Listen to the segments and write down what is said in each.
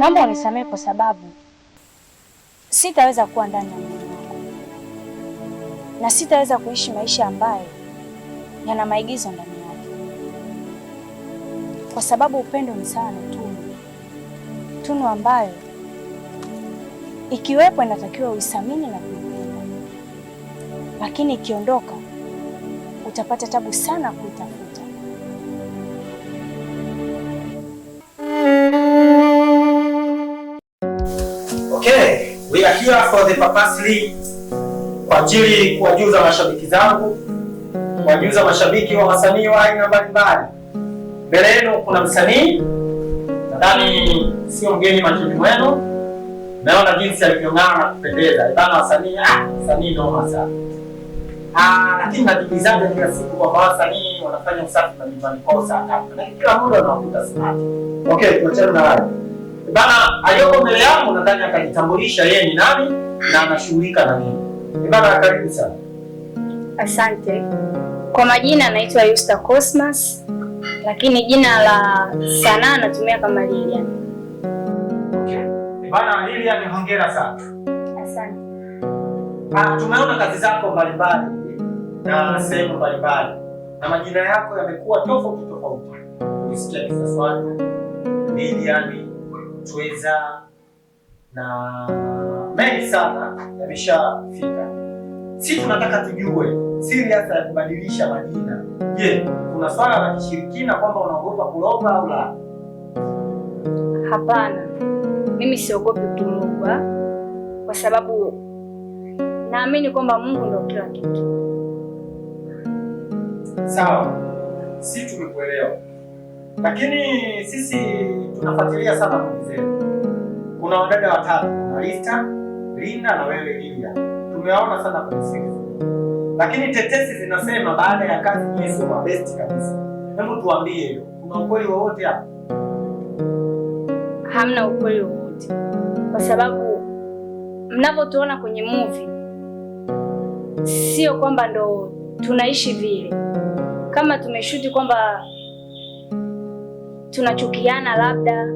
Naomba unisamehe kwa sababu sitaweza kuwa ndani ya mwili wako na sitaweza kuishi maisha ambayo yana maigizo ndani yake, kwa sababu upendo ni sawa na tunu, tunu ambayo ikiwepo inatakiwa uisamini na kuipenda, lakini ikiondoka utapata tabu sana kuitafuta. here for the purpose league kwa ajili kuwajuza mashabiki zangu, kuwajuza mashabiki wa wasanii wa aina mbalimbali. Mbele yenu kuna msanii nadhani sio mgeni machoni mwenu, naona jinsi alivyong'aa na kupendeza ana wasanii ah, wasanii noma sana, ah, lakini najiulizaje kila siku kwamba wasanii wanafanya usafi na nyumbani kwao saa tatu, kila muda wanawakuta sana. Okay, tuachane na hayo. Bana aliyoko mbele yangu nadhani akajitambulisha yeye ni nani na anashughulika na nini. Bana karibu sana. Asante. Kwa majina anaitwa Yusta Cosmas, lakini jina la sanaa natumia kama Lilian. Okay. Bana Lilian, hongera sana. Asante. Ah, tumeona kazi zako mbalimbali na sehemu mbalimbali na majina yako yamekuwa tofauti tofauti. Unisikia kisaswani, Lilian Tweza na mengi sana yameshafika. Si tunataka tujue siri hasa ya kubadilisha majina. Je, kuna swala la kishirikina kwamba unaogopa kuloga au la? Hapana, mimi siogopi kulogwa kwa sababu naamini kwamba Mungu ndio kila kitu. Sawa, si tumekuelewa lakini sisi tunafuatilia sana kundi zetu. Kuna wadada watatu, kuna Linda na wewe Lilia, tumewaona sana kwenye lakini tetesi zinasema baada ya kazi nyie sio mabesti kabisa. Hebu tuambie, kuna ukweli wowote hapa? Hamna ukweli wowote, kwa sababu mnavyotuona kwenye movie sio kwamba ndo tunaishi vile, kama tumeshuti kwamba tunachukiana labda,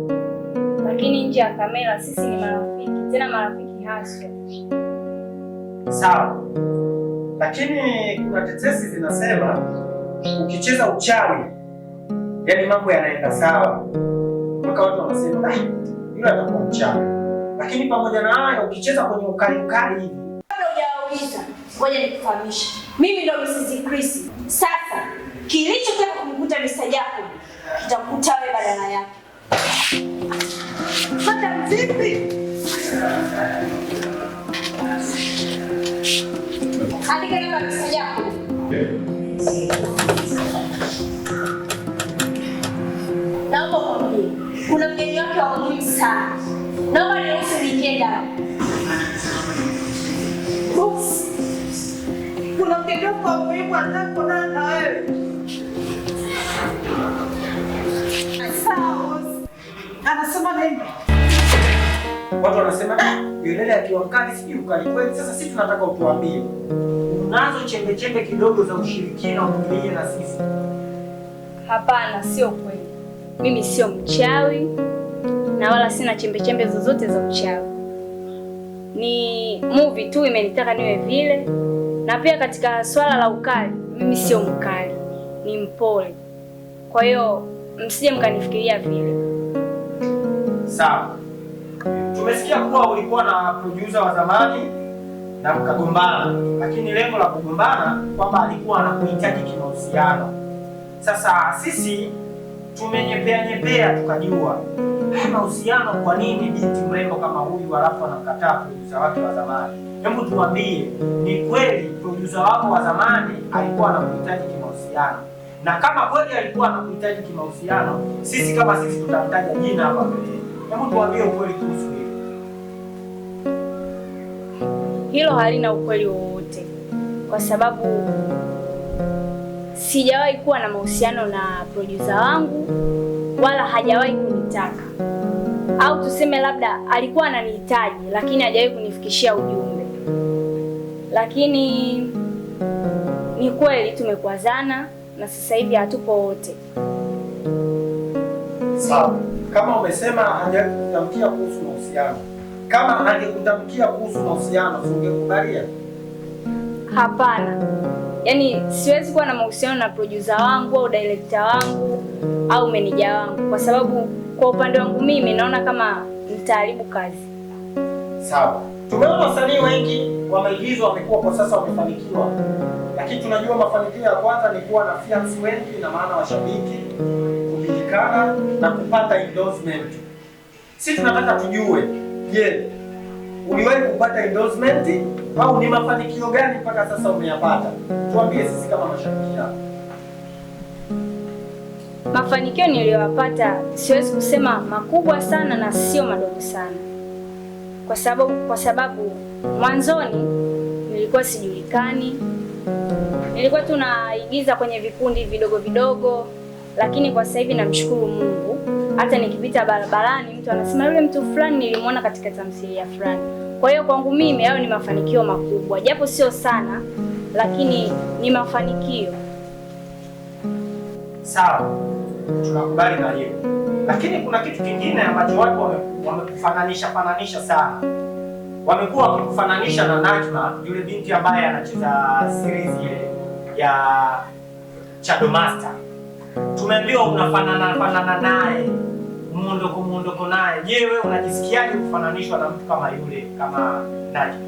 lakini nje ya kamera sisi ni marafiki, tena marafiki haswa. Sawa, lakini kuna tetesi zinasema ukicheza uchawi, yani mambo yanaenda sawa, mpaka watu wanasema ah, yule atakuwa mchawi. Lakini pamoja na hayo, ukicheza kwenye ukali ukali hivi, ngoja nikufahamishe, mimi ndo Mrs. Chris. Sasa kilichotaka kumkuta Mr. Jacob nitakuta wewe badala yake. Madam vipi? Andika namba yako. Naomba kwambie, kuna mgeni wake wa muhimu sana. Naomba niruhusu niingie ndani. Kuna mgeni wako wa muhimu anataka kuonana na wewe. Watu wanasema Yulele akiwa mkali sijui ukali kweli. Sasa sisi tunataka utuambie, unazo chembe chembe kidogo za ushirikina ukilia na sisi? Hapana, sio kweli. Mimi sio mchawi na wala sina chembe chembe zozote za uchawi. Ni movie tu imenitaka niwe vile, na pia katika swala la ukali, mimi sio mkali, ni mpole. Kwa hiyo msije mkanifikiria vile. Sawa, tumesikia kuwa ulikuwa na producer wa zamani na mkagombana, lakini lengo la kugombana kwamba alikuwa anakuhitaji kimahusiano. Sasa sisi tumenyepea nyepea, tukajua haya mahusiano. Kwa nini binti mrembo kama huyu alafu anamkataa producer wake wa zamani? Hebu tuambie, ni kweli producer wako wa zamani alikuwa anakuhitaji kimahusiano? Na kama kweli alikuwa anakuhitaji kimahusiano, sisi kama sisi tutamtaja jina hapa mbele Hebu tuambie ukweli kuhusu Hilo halina ukweli wowote, kwa sababu sijawahi kuwa na mahusiano na producer wangu, wala hajawahi kunitaka, au tuseme labda alikuwa ananihitaji, lakini hajawahi kunifikishia ujumbe. Lakini ni kweli tumekwazana na sasa hivi hatupo wote. Sawa kama umesema hajakutamkia kuhusu mahusiano, kama angekutamkia kuhusu mahusiano ungekubalia? Hapana, yaani siwezi kuwa na mahusiano na producer wangu au director wangu au meneja wangu, kwa sababu kwa upande wangu mimi naona kama nitaharibu kazi. Sawa, tumeona wasanii wengi wameigizwa, wamekuwa kwa sasa wamefanikiwa, lakini tunajua mafanikio ya kwanza ni kuwa na fans wengi, na maana washabiki kuonekana na kupata endorsement. Sisi tunataka tujue, je, uliwahi kupata endorsement au ni mafanikio gani mpaka sasa umeyapata? Tuambie sisi kama mashabiki yako. Mafanikio niliyoyapata siwezi kusema makubwa sana na sio madogo sana, kwa sababu kwa sababu mwanzoni nilikuwa sijulikani, nilikuwa tunaigiza kwenye vikundi vidogo vidogo lakini kwa sasa hivi namshukuru Mungu. Hata nikipita barabarani mtu anasema yule mtu fulani nilimwona katika tamthilia fulani. Kwa hiyo kwangu mimi hayo ni mafanikio makubwa, japo sio sana, lakini ni mafanikio. Sawa, tunakubali na hiyo, lakini kuna kitu kingine ambacho watu wamekufananisha wame fananisha sana, wamekuwa wakikufananisha na Najma, yule binti ambaye anacheza series ile ya Chadomaster. Tumeambiwa unafanana fanana naye muondoko muondoko naye. Je, wewe unajisikiaje kufananishwa na mtu kama yule kama Najma?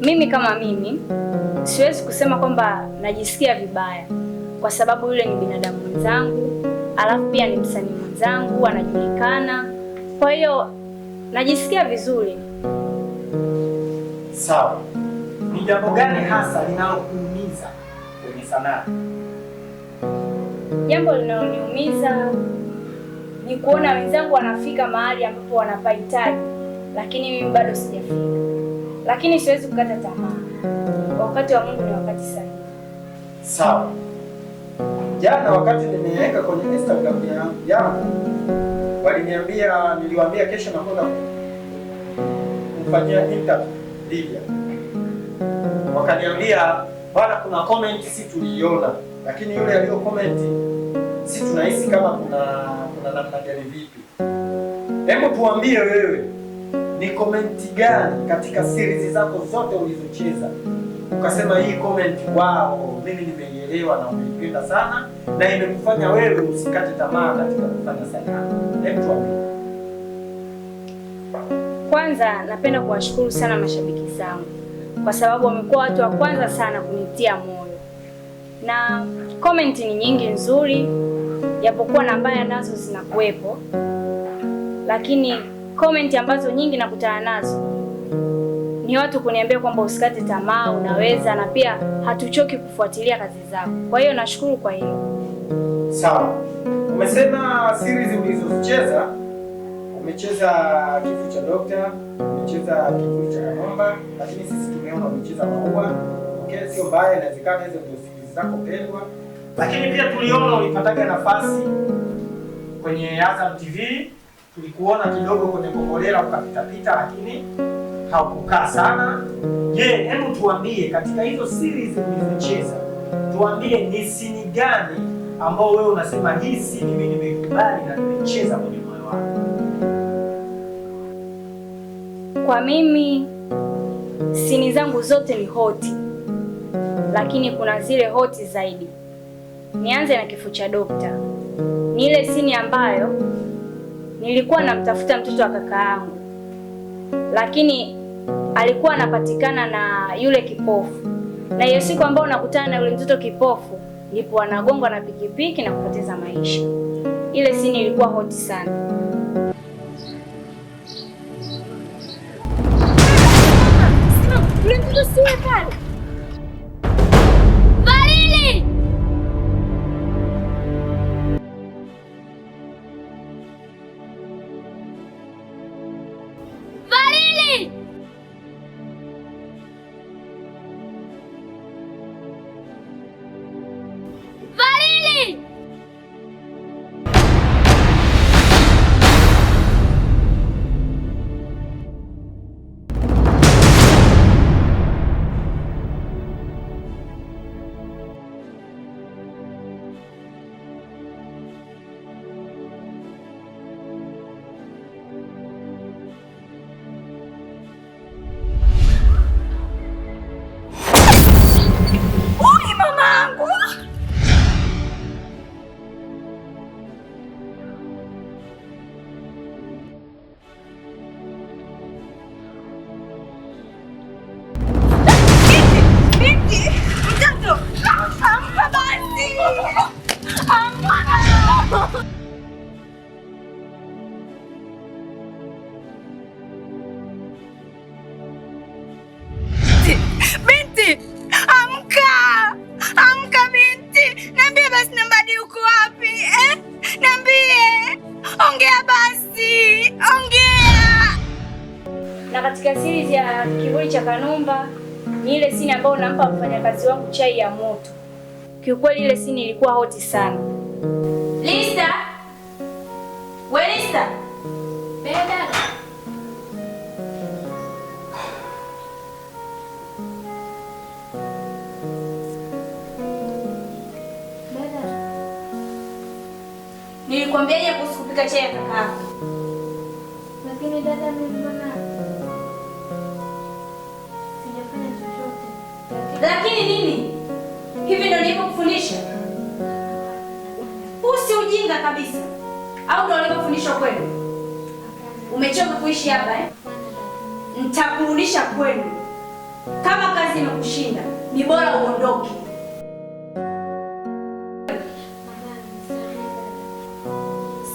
Mimi kama mimi siwezi kusema kwamba najisikia vibaya, kwa sababu yule ni binadamu mwenzangu, alafu pia ni msanii mwenzangu, anajulikana. Kwa hiyo najisikia vizuri. Sawa, ni jambo gani hasa linalokuumiza kwenye sanaa? Jambo linaloniumiza ni kuona wenzangu wanafika mahali ambapo wanapahitaji, lakini mimi bado sijafika. Lakini siwezi kukata tamaa, wakati wa Mungu ni wakati sahihi. Sawa. Jana wakati nimeweka kwenye Instagram yangu waliniambia, niliwaambia kesho nakwenda kumfanyia interview Lydia, wakaniambia bwana, kuna comment si tuliiona lakini yule aliyo comment si tunahisi kama kuna kuna namna gani vipi? Hebu tuambie wewe, ni comment gani katika series zako zote ulizocheza ukasema hii comment wao, mimi nimeielewa na umeipenda sana na imekufanya wewe usikate tamaa katika kufanya sanaa? Hebu tuambie. Kwanza napenda kuwashukuru sana mashabiki zangu kwa sababu wamekuwa watu wa kwanza sana kunitia moyo na comment ni nyingi nzuri, japokuwa na mbaya nazo zinakuwepo, lakini comment ambazo nyingi nakutana nazo ni watu kuniambia kwamba usikate tamaa, unaweza, na pia hatuchoki kufuatilia kazi zako. Kwa hiyo nashukuru kwa hilo. Sawa, umesema series ulizozicheza umecheza Kifo cha Dokta, umecheza Kifo cha Kanumba, lakini sisi tumeona umecheza Maua. Okay, sio mbaya, inawezekana hizo ndio zako pendwa, lakini pia tuliona ulipataga nafasi kwenye Azam TV, tulikuona kidogo kwenye Kombolela ukapitapita, lakini haukukaa sana. Je, hebu tuambie katika hizo series ulizocheza, tuambie ni sini gani ambao wewe unasema hii sini mimi nimeikubali na nimecheza kwenye moyo wangu? Kwa mimi sini zangu zote ni hoti lakini kuna zile hoti zaidi. Nianze na kifo cha Dokta. Ni ile sini ambayo nilikuwa namtafuta mtoto wa kaka yangu, lakini alikuwa anapatikana na yule kipofu, na hiyo siku ambayo nakutana na yule mtoto kipofu ndipo anagongwa na pikipiki na kupoteza maisha. Ile sini ilikuwa hoti sana. Binti, amka! Amka binti, niambie basi Nambadi uko wapi eh? Niambie, ongea basi, ongea. Na katika siri ya kivuli cha Kanumba ni ile sini ambayo unampa mfanyakazi wangu chai ya moto. Kiukweli ile sini ilikuwa hoti sana. Lisa. Nilikwambiaje kuhusu kupika chai ya kaka? Lakini dada sijafanya chochote. Lakini nini? Hivi ndio nilipokufundisha? ujinga kabisa, au ndio ulivyofundishwa kwenu? Umechoka kuishi hapa eh? Nitakurudisha kwenu. Kama kazi imekushinda, ni bora uondoke.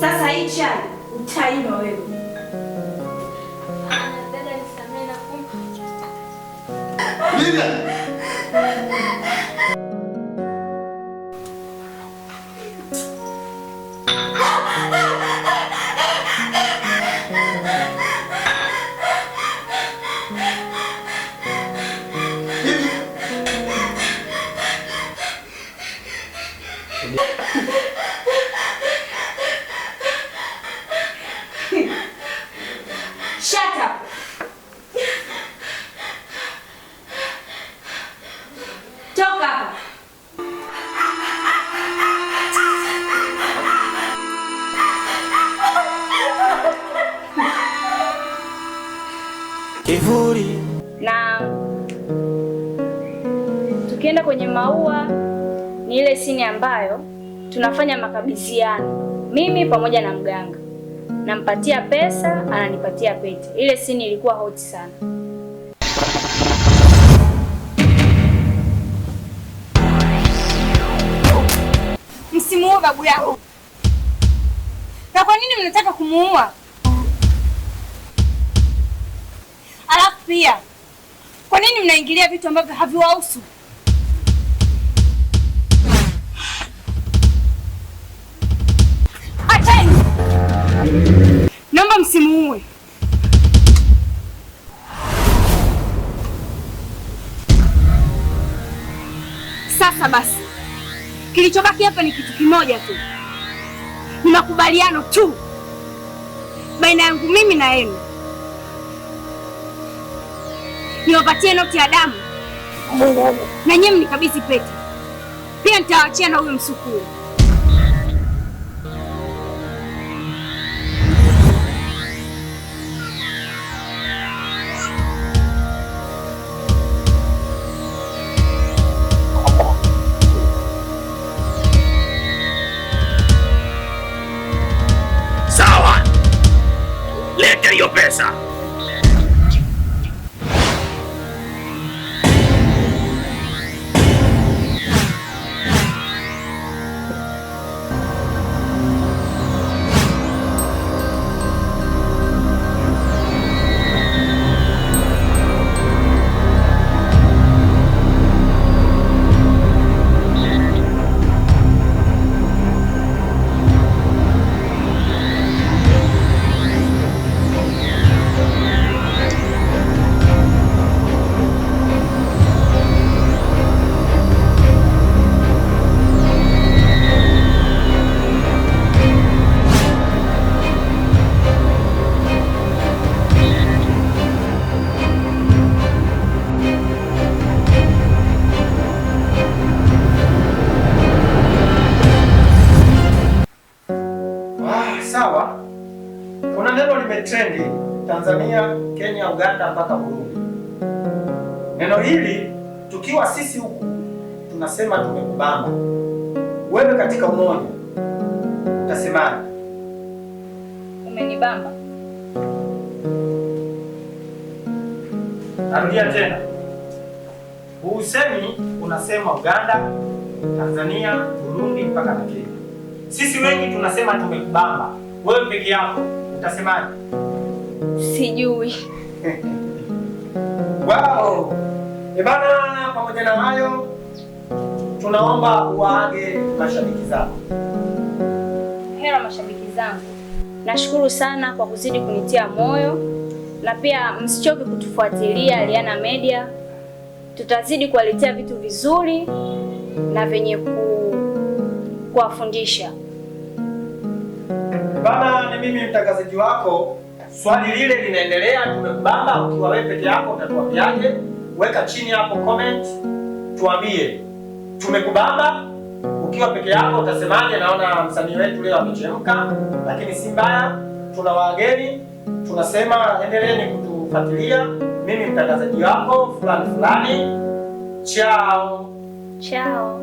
Sasa hii chai utaino wewe. Ah, kivuli, na tukienda kwenye maua ni ile sini ambayo tunafanya makabidhiano, mimi pamoja na mganga, nampatia pesa, ananipatia pete. Ile sini ilikuwa hoti sana. Msimuue babu yako. Na kwa nini mnataka kumuua? pia. Kwa nini mnaingilia vitu ambavyo haviwahusu? Acheni, naomba msimuue. Sasa basi, kilichobaki hapa ni kitu kimoja tu, ni makubaliano tu baina yangu mimi na yenu niwapatie noti ya damu na nyinyi mnikabidhi pete, pia nitawaachia na huyu msukuu. Tanzania, Kenya, Uganda mpaka Burundi. Neno hili tukiwa sisi huku tunasema tumekubamba wewe katika umoja utasemaje? Umenibamba. Narudia tena, usemi unasema Uganda, Tanzania, Burundi mpaka na Kenya. Sisi wengi tunasema tumekubamba, wewe peke yako utasemaje? Sijui. Wow. Ebana, pamoja na hayo tunaomba uwaage mashabiki zako. Hera mashabiki zangu, nashukuru sana kwa kuzidi kunitia moyo, na pia msichoke kutufuatilia Liana Media. Tutazidi kuwaletea vitu vizuri na vyenye kuwafundisha. Bana, ni mimi mtangazaji wako Swali lile linaendelea, tumebamba. Ukiwa wewe peke yako utatuambiaje? Weka chini hapo comment, tuambie tumekubamba. Ukiwa peke yako utasemaje? Naona msanii wetu leo amechemka, lakini si mbaya. Tuna wageni, tunasema endeleeni kutufuatilia. Mimi mtangazaji wako fulani fulani. Chao, chao.